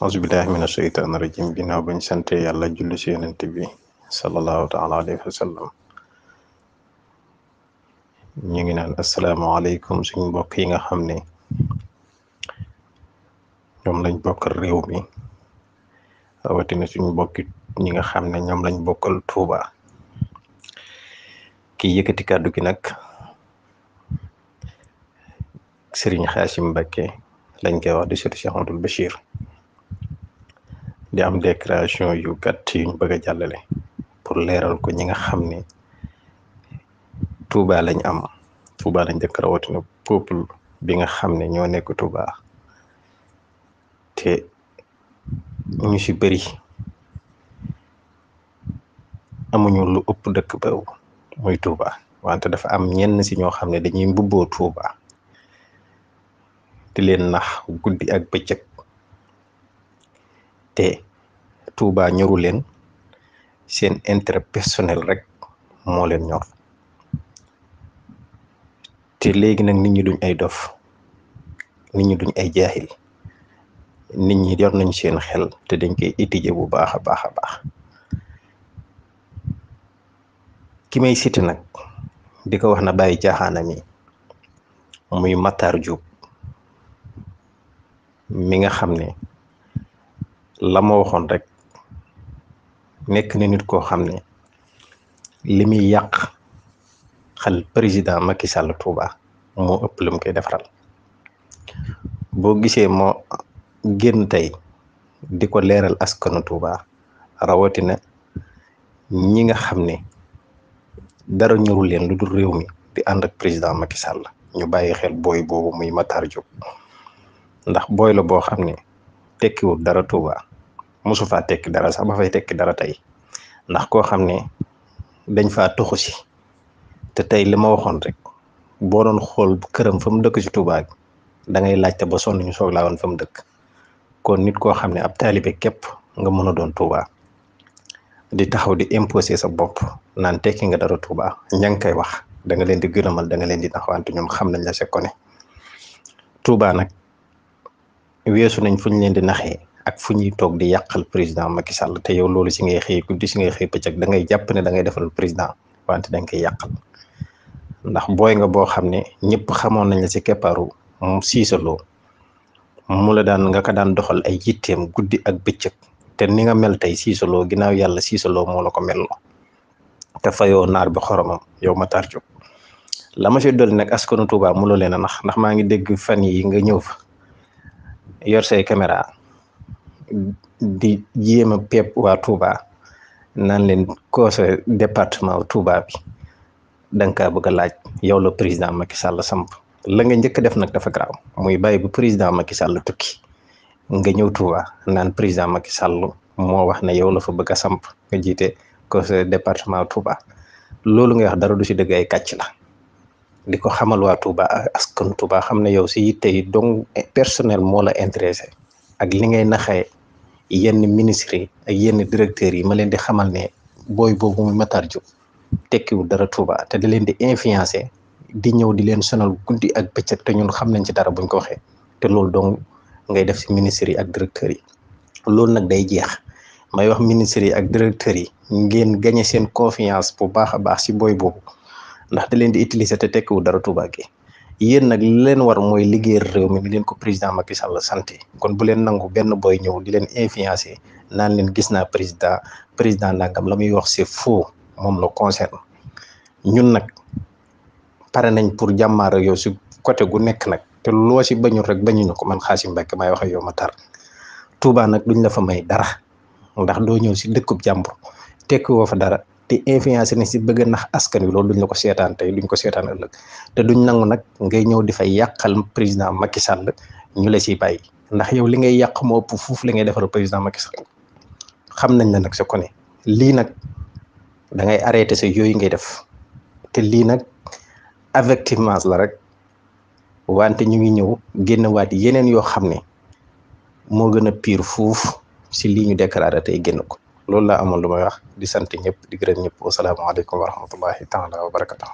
auzubillahi mina sheytaani rajim ginnaaw bañ sante yàlla julli ci yonent bi sallallahu taala alayhi wa sallam ñu ngi naan asalaamaaleykum suñ mbokk yi nga xam ne ñoom lañ bokkal réew mi rawatina suñ mbokki ñi nga xam ne ñoom lañ bokkal Tuuba ki yëkkati kàddu gi nag Serigne Xaasim Mbakke lañ koy wax di Cheikh Ahmadul Bachir di am déclaration yu gàtt yuñ bëgg a jàllale pour leeral ko ñi nga xam ne Touba lañ am Touba lañ dëkk rawatina bi nga xam ne ñoo nekk Touba te ñu ci bëri amuñu lu ëpp dëkk ba muy Touba wante dafa am ñenn si ñoo xam ne dañuy mbubboo Touba di leen nax guddi ak bëccëg. te Touba ñoru leen seen intérêt personnel rek moo leen ñor te léegi nag nit ñi duñ ay dof nit ñi duñ ay jaaxil nit ñi yor nañ seen xel te dañ koy étudier bu baax a baax a baax ki may cité nag di ko wax na bàyyi caaxaana mi muy Matar Diop mi nga xam ne la ma waxoon rek nekk na nit koo xam ne li muy yàq xel président Macky Sall Touba moo ëpp lu mu koy defaral boo gisee moo génn tey di ko leeral askanu Touba rawatina ñi nga xam ne dara ñorul leen lu dul réew mi di ànd ak président Macky Sall ñu bàyyi xel booy boobu muy Matar Diop ndax booy la boo xam ne tekkiwul dara Touba. mosu faa tekki dara sax ba fay tekki dara tey ndax koo xam ne dañ faa tuxu si te tey li ma waxoon rek boo doon xool këram fa mu dëkk ci Touba bi da ngay laajte ba sonn ñu soog laa woon fa mu dëkk kon nit koo xam ne ab taalibe képp nga mën a doon Touba di taxaw di imposer sa bopp nan tekki nga dara Touba ña ngi koy wax danga leen di gërëmal danga leen di naxawante ñoom xam nañ la se ko ne nag weesu nañ fu ñu leen di naxee. ak fu ñuy toog di yàqal président Macky Sall te yow loolu si ngay xëy guddi si ngay xëy pëccëg da ngay jàpp ne da ngay defal président wante da nga koy yàqal ndax booy nga boo xam ne ñëpp xamoon nañ la si keppaaru mu siisaloo mu la daan nga ko daan doxal ay yitteem guddi ak bëccëg te ni nga mel tey siisaloo ginnaaw yàlla siisaloo moo la ko melloo te fayoo naar ba xoromam yow ma tarju la ma si dolli nag askanu Touba mu la leen a nax ndax maa ngi dégg fan yi nga ñëw fa yor say caméra di jéem a pep waa Touba nan leen conseil département Touba bi da nga kaa bëgg a laaj yow la président Macky Sall samp la nga njëkk def nag dafa garaaw muy bàyyi bu président Macky Sall tukki nga ñëw Touba naan président Macky Sall moo wax ne yow la fa bëgg a samp nga jiite conseil département Touba loolu nga wax dara du si dëgg ay kàcc la di ko xamal waa Touba askan Touba xam ne yow si yitte tey donc eh, personnel moo intéressé ak li ngay naxee yenn ministres yi ak yenn directeurs yi ma leen di xamal ne booy boobu muy Matar Diop tekkiwul dara Touba te da leen di influencer di ñëw di leen sonal guddi ak bëccëg te ñun xam nañ ci dara buñ ko waxee te loolu donc ngay def si ministres yi ak directeurs yi loolu nag day jeex may wax ministres yi ak directeurs yi ngeen gañe seen confiance bu baax a baax si booy boobu ndax da leen di utiliser te tekkiwul dara Touba gi yéen nag li leen war mooy liggéey réew mi ni leen ko président Macky Sall santé kon bu leen nangu benn booy ñëw di leen influencé naan leen gis naa président président nangam la muy wax se faux moom la concerne ñun nag pare nañ pour jàmmaar yow si côté gu nekk nag te loo si bañul rek bañuñu ko man Xaasim Mbàkke maay wax ak yow ma tar Touba nag duñ la fa may dara ndax doo ñëw si dëkkub jàmbur tekki woo fa dara te influenceur ni si bëgg nax askan wi loolu duñ la ko seetaan tey duñ ko seetaan ëllëg te duñ nangu nag ngay ñëw di fay yàqal président Macky Sall ñu la siy bàyyi ndax yow li ngay yàq moo ëpp fuuf li ngay defal président Macky Sall xam nañ la nag sa kone lii nag da ngay arrêté sa yooyu ngay def te lii nag effectivement la rek wante ñu ngi ñëw génn waat yeneen yoo xam ne moo gën a pire fuuf si lii ñu déclaré tey génn ko loolu laa amoon lu may wax di sant ñëpp di gërëm ñëpp wasalaamaaleykum wa rahmatullahi taala wa barakatuh